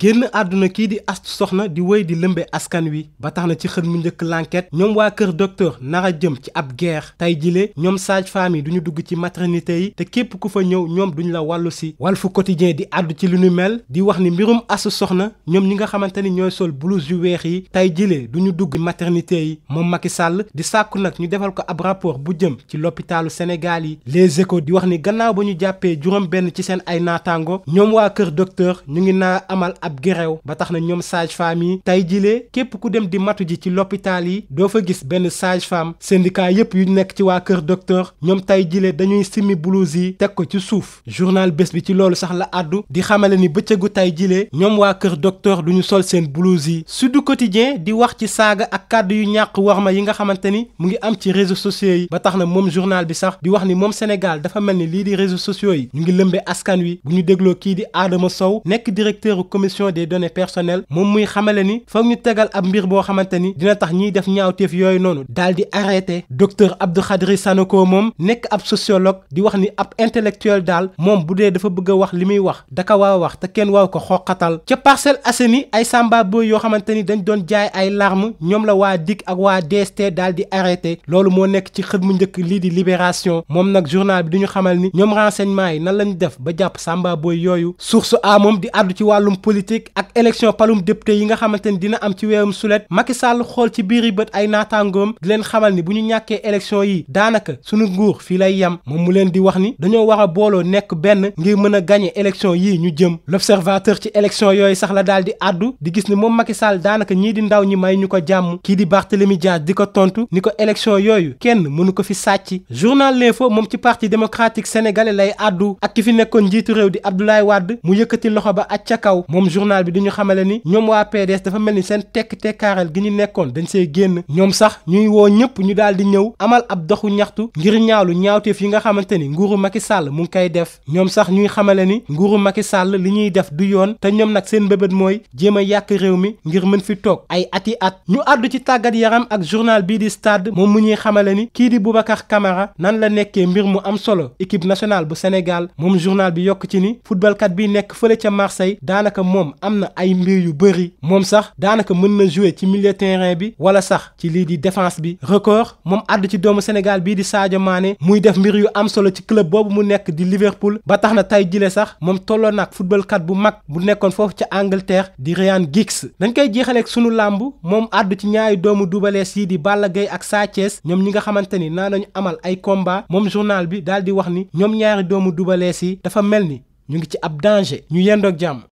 génn àdduna kii di astu soxna di wéy di lëmbe askan wi ba tax na ci xët mu njëkk l'enquête ñoom waa kër docteur a jëm ci ab geex tey jile ñoom sage-femme yi duñu dugg ci maternité yi te képp ku fa ñëw ñoom duñu la wàllu si Walf Quotidien di àddu ci lu ñu mel di wax ni mbirum astu soxna ñoom ñi nga xamante ni ñooy sol blouse yu weex yi tey jile duñu dugg maternité yi moom Macky Sall di sàkku nag ñu defal ko ab rapport bu jëm ci l'hôpitalu Sénégal yi Les Échos di wax ni gannaaw ba ñu jàppee juróom ci seen ay naataango ñoom waa kër docteur ñu ngi amal ab géréw ba tax na ñoom sage femme yi tey jilee képp ku dem di matu ji ci l'hôpital yi doo fa gis benn sage femme syndicat yépp yu nekk ci waa kër docteur ñoom tey jile dañuy simmi blouse yi teg ko ci suuf journal bés bi ci loolu sax la àddu di xamale ni bëccëgu tey jilee ñoom waa kër docteur duñu sol seen blouse yi Sud Quotidien di wax ci saaga ak kàddu yu ñàq warma yi nga xamante ni mu ngi am ci réseaux sociaux yi ba tax na moom journal bi sax di wax ni moom Sénégal dafa mel ni lii di réseaux sociaux yi ñu ngi lëmbee askan wi protection des données personnelles moom muy xamale ni foog ñu tegal ab mbir boo xamante ni dina tax ñiy def ñaawteef yooyu noonu daal di arrêté docteur Abdou Khadri Sanoko moom nekk ab sociologue di wax ni ab intellectuel daal moom bu dee dafa bëgg a wax li muy wax daka waa wax te kenn waaw ko xoqatal ca Parcelles Assainies ay samba boy yoo xamante ni dañ doon jaay ay larmes ñoom la waa dikk ak waa DST daal di arrêté loolu moo nekk ci xët mu njëkk lii di libération moom nag journal bi du xamal ni ñoom renseignement yi nan lañu def ba jàpp samba yooyu politique ak élection palum député yi nga xamante ni dina am ci weerum sulet Macky Sall xool ci biiri bët ay nataangoom di leen xamal ni bu ñu ñàkkee élection yi daanaka sunu nguur fii lay yem moom mu leen di wax ni dañoo war a booloo nekk benn ngir mën a gañe élection yi ñu jëm l'observateur ci élection yooyu sax la daal di àddu di gis ni moom Macky Sall daanaka ñii di ndaw ñi may ñu ko jàmm kii di Barthélémy Dias di ko tontu ni ko élection yooyu kenn mënu ko fi sàcc journal L'Info moom ci parti démocratique sénégalais lay àddu ak ki fi nekkoon njiitu réew di Abdoulaye Wade mu yëkkati loxo ba acca kaw journal bi duñu xamale ni ñoom waa PDS dafa mel ni seen tekk-tekkaaral gi ñu nekkoon dañ see génn ñoom sax ñuy woo ñëpp ñu daal di ñëw amal ab doxu ñaxtu ngir ñaawlu ñaawteef yi nga xamante ni nguuru Macky Sall mu ngi koy def ñoom sax ñuy xamale ni nguuru Macky Sall li ñuy def du yoon te ñoom nag seen mbébét mooy jéem a yàq réew mi ngir mën fi toog ay at ati at ñu àddu ci tàggat yaram ak journal bii di stade moom mu ñuy xamale ni kii di Boubacar Camara nan la nekkee mbir mu am solo équipe nationale bu Sénégal moom journal bi yokk ci ni footballkat bi nekk fële ca moom am na ay mbir yu bëri moom sax daanaka mën na joue ci milieu terrain bi wala sax ci lii di défense bi record moom àdd ci doomu Sénégal bii di Sadio maane muy def mbir yu am solo ci club boobu mu nekk di Liverpool ba tax na tey jile sax moom tolloo nag footballkat bu mag bu nekkoon foofu ca Angleterre di Ryan Giggs dañ koy jeexaleeg sunu làmb moom àdd ci ñaari doomu dubalees yi di Balla Gaye ak Sa ñoom ñi nga xamante ni naa nañu amal ay combat moom journal bi daal di wax ni ñoom ñaari doomu dubalees yi dafa mel ni ñu ngi ci ab danger ñu yendoog